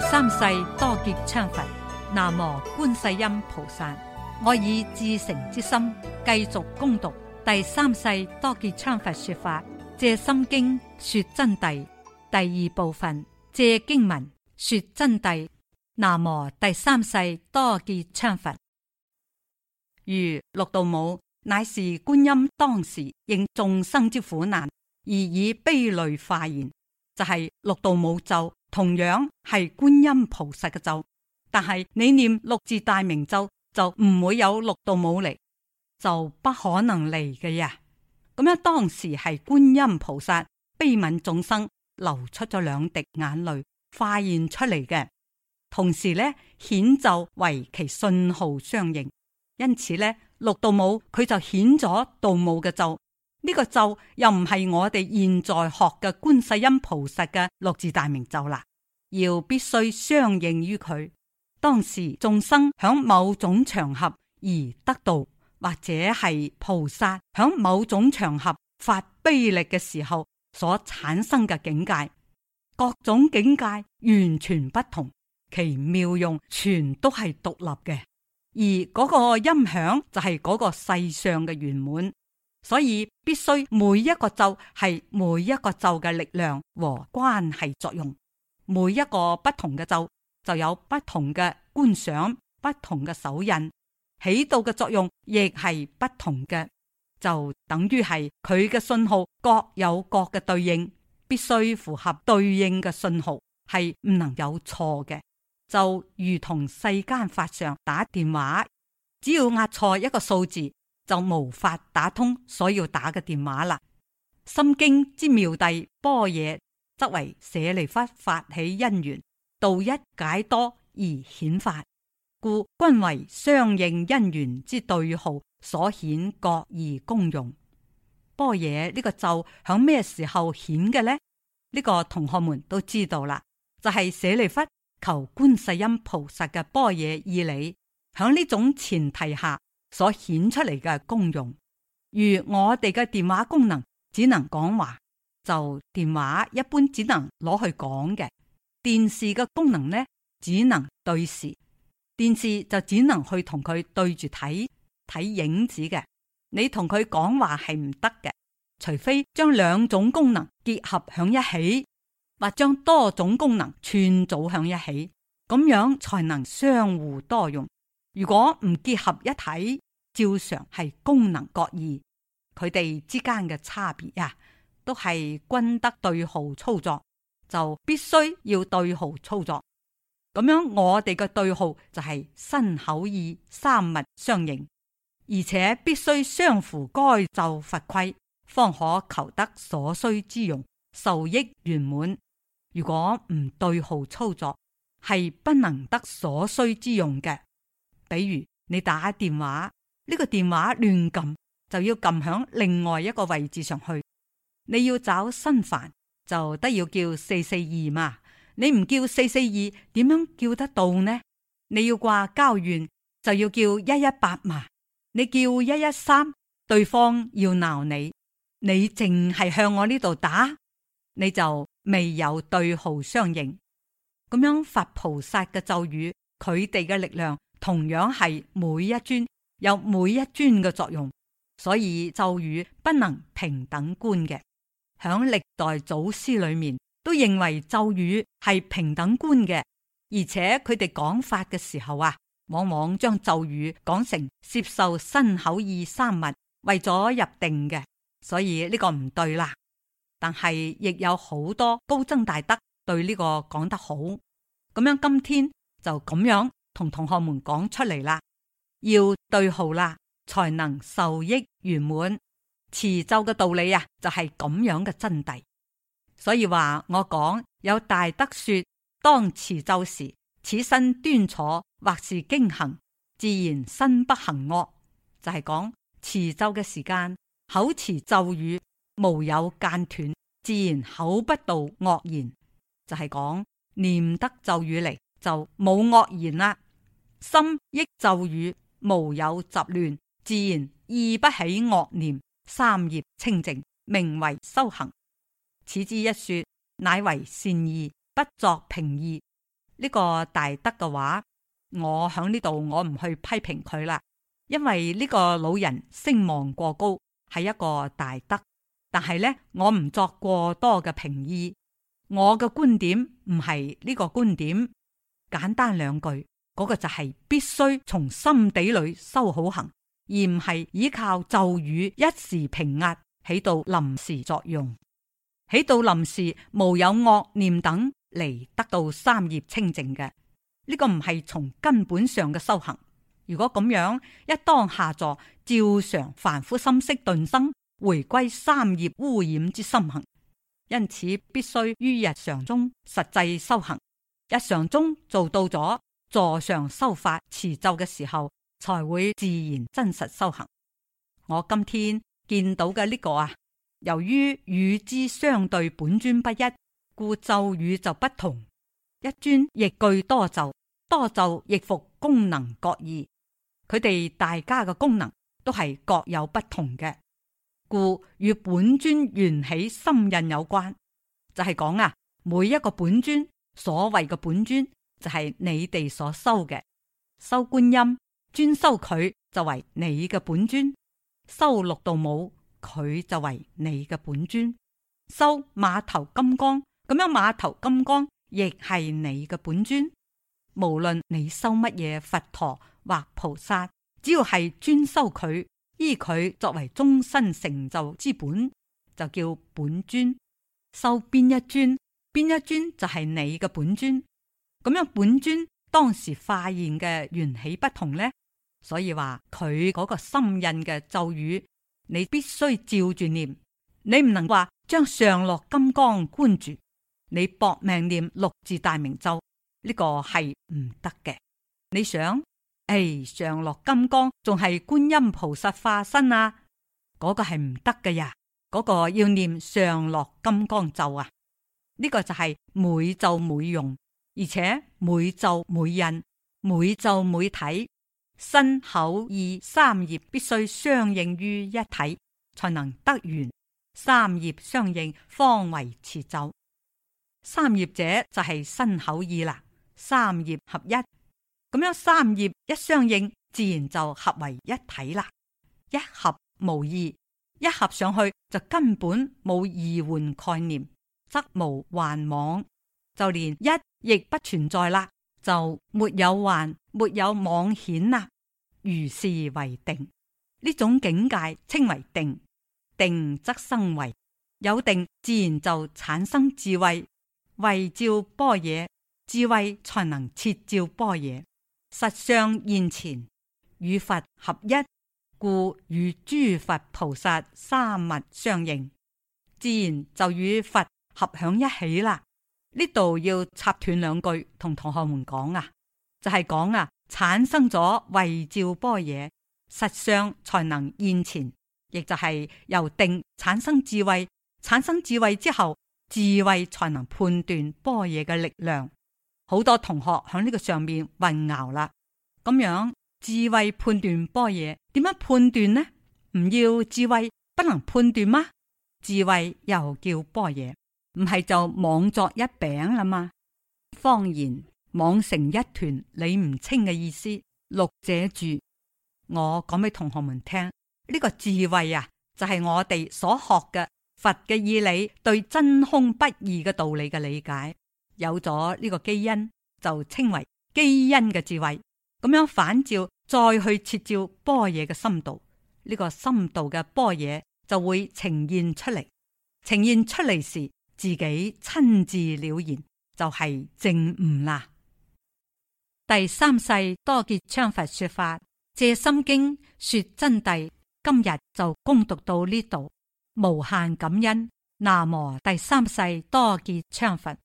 第三世多杰羌佛，南無觀世音菩薩。我以至誠之心繼續攻讀第三世多杰羌佛說法，藉心經說真諦第二部分，藉經文說真諦。南無第三世多杰羌佛。如六度母乃是觀音當時應眾生之苦難而以悲淚化現，就係、是、六度母咒。同樣係觀音菩薩嘅咒，但係你念六字大明咒就唔會有六度母嚟，就不可能嚟嘅呀。咁樣當時係觀音菩薩悲憫眾生流出咗兩滴眼淚化現出嚟嘅，同時咧顯咒為其信號相應，因此咧六度母佢就顯咗度母嘅咒。呢個咒又唔係我哋現在學嘅觀世音菩薩嘅六字大明咒啦，要必須相應於佢。當時眾生響某種場合而得到，或者係菩薩響某種場合發悲力嘅時候所產生嘅境界，各種境界完全不同，其妙用全都係獨立嘅，而嗰個音響就係嗰個世上嘅圓滿。所以必須每一個咒係每一個咒嘅力量和關係作用，每一個不同嘅咒就有不同嘅觀想、不同嘅手印，起到嘅作用亦係不同嘅，就等於係佢嘅信號各有各嘅對應，必須符合對應嘅信號係唔能有錯嘅，就如同世間法上打電話，只要壓錯一個數字。就無法打通所要打嘅電話啦。心經之妙諦般若，則為舍利弗發起因緣，道一解多而顯法，故均為相應因緣之對號所顯各而功用。般若呢個咒，響咩時候顯嘅呢？呢、這個同學們都知道啦，就係、是、舍利弗求觀世音菩薩嘅般若意理，響呢種前提下。所顯出嚟嘅功用，如我哋嘅電話功能只能講話，就電話一般只能攞去講嘅；電視嘅功能呢，只能對視，電視就只能去同佢對住睇，睇影子嘅。你同佢講話係唔得嘅，除非將兩種功能結合響一起，或將多種功能串組響一起，咁樣才能相互多用。如果唔結合一體，照常係功能各異，佢哋之間嘅差別呀、啊，都係均得對號操作，就必須要對號操作。咁樣我哋嘅對號就係身口意三物相應，而且必須相符該就法規，方可求得所需之用，受益圓滿。如果唔對號操作，係不能得所需之用嘅。比如你打電話，呢、這個電話亂撳就要撳響另外一個位置上去。你要找新煩就得要叫四四二嘛，你唔叫四四二點樣叫得到呢？你要掛膠源就要叫一一八嘛，你叫一一三，對方要鬧你，你淨係向我呢度打，你就未有對號相應。咁樣佛菩薩嘅咒語，佢哋嘅力量。同樣係每一尊有每一尊嘅作用，所以咒語不能平等觀嘅。響歷代祖師裏面都認為咒語係平等觀嘅，而且佢哋講法嘅時候啊，往往將咒語講成攝受身口意三密為咗入定嘅，所以呢個唔對啦。但係亦有好多高僧大德對呢個講得好，咁樣今天就咁樣。同同學們講出嚟啦，要對號啦，才能受益圓滿。持咒嘅道理啊，就係咁樣嘅真諦。所以話我講有大德說，當持咒時，此身端坐或是經行，自然身不行惡。就係講持咒嘅時間，口持咒語，無有間斷，自然口不道惡言。就係講念得咒語嚟，就冇惡言啦。心益咒語無有雜亂，自然意不起惡念，三業清淨，名為修行。此之一說，乃為善意，不作評議。呢、這個大德嘅話，我響呢度我唔去批評佢啦，因為呢個老人聲望過高，係一個大德。但係呢，我唔作過多嘅評議。我嘅觀點唔係呢個觀點，簡單兩句。嗰個就係必須從心底裏修好行，而唔係依靠咒語一時平壓，起到臨時作用，起到臨時無有惡念等嚟，得到三業清淨嘅。呢個唔係從根本上嘅修行。如果咁樣一當下座，照常凡夫心識頓生，回歸三業污染之心行。因此必須於日常中實際修行，日常中做到咗。座上修法持咒嘅時候，才會自然真實修行。我今天見到嘅呢個啊，由於與之相對本尊不一，故咒語就不同。一尊亦具多咒，多咒亦服功能各異。佢哋大家嘅功能都係各有不同嘅，故與本尊緣起心印有關。就係、是、講啊，每一個本尊，所謂嘅本尊。就係你哋所修嘅修觀音專修佢就為你嘅本尊修六度母佢就為你嘅本尊修馬頭金剛咁樣馬頭金剛亦係你嘅本尊無論你修乜嘢佛陀或菩薩只要係專修佢以佢作為終身成就之本就叫本尊修邊一尊邊一尊就係你嘅本尊。咁樣本尊當時化現嘅緣起不同呢，所以話佢嗰個心印嘅咒語，你必須照住念，你唔能話將上樂金剛觀住，你搏命念六字大明咒，呢個係唔得嘅。你想，誒、哎，上樂金剛仲係觀音菩薩化身啊，嗰個係唔得嘅呀，嗰個要念上樂金剛咒啊，呢個就係每咒每用。而且每就每印，每就每體，身口意三業必須相應於一體，才能得完。三業相應方為持咒。三業者就係身口意啦，三業合一，咁樣三業一相應，自然就合為一體啦。一合無二，一合上去就根本冇二換概念，則無幻妄。就連一亦不存在啦，就沒有幻，沒有妄顯啦，如是為定。呢種境界稱為定，定則生慧，有定自然就產生智慧，慧照般若，智慧才能切照般若。實相現前，與佛合一，故與諸佛菩薩三密相應，自然就與佛合響一起啦。呢度要插斷兩句，同同學們講啊，就係、是、講啊，產生咗慧照般若，實相才能現前，亦就係由定產生智慧，產生智慧之後，智慧才能判斷般若嘅力量。好多同學喺呢個上面混淆啦，咁樣智慧判斷般若，點樣判斷呢？唔要智慧，不能判斷嗎？智慧又叫般若。唔係就妄作一餅啦嘛？方言妄成一團，理唔清嘅意思。六者住，我講俾同學們聽呢個智慧啊，就係我哋所學嘅佛嘅意理，對真空不二嘅道理嘅理解。有咗呢個基因，就稱為基因嘅智慧。咁樣反照，再去切照般若嘅深度，呢個深度嘅般若就會呈現出嚟。呈現出嚟時，自己親自了然就係、是、正悟啦。第三世多杰羌佛說法《藉心經》說真諦，今日就攻讀到呢度，無限感恩。南無第三世多杰羌佛。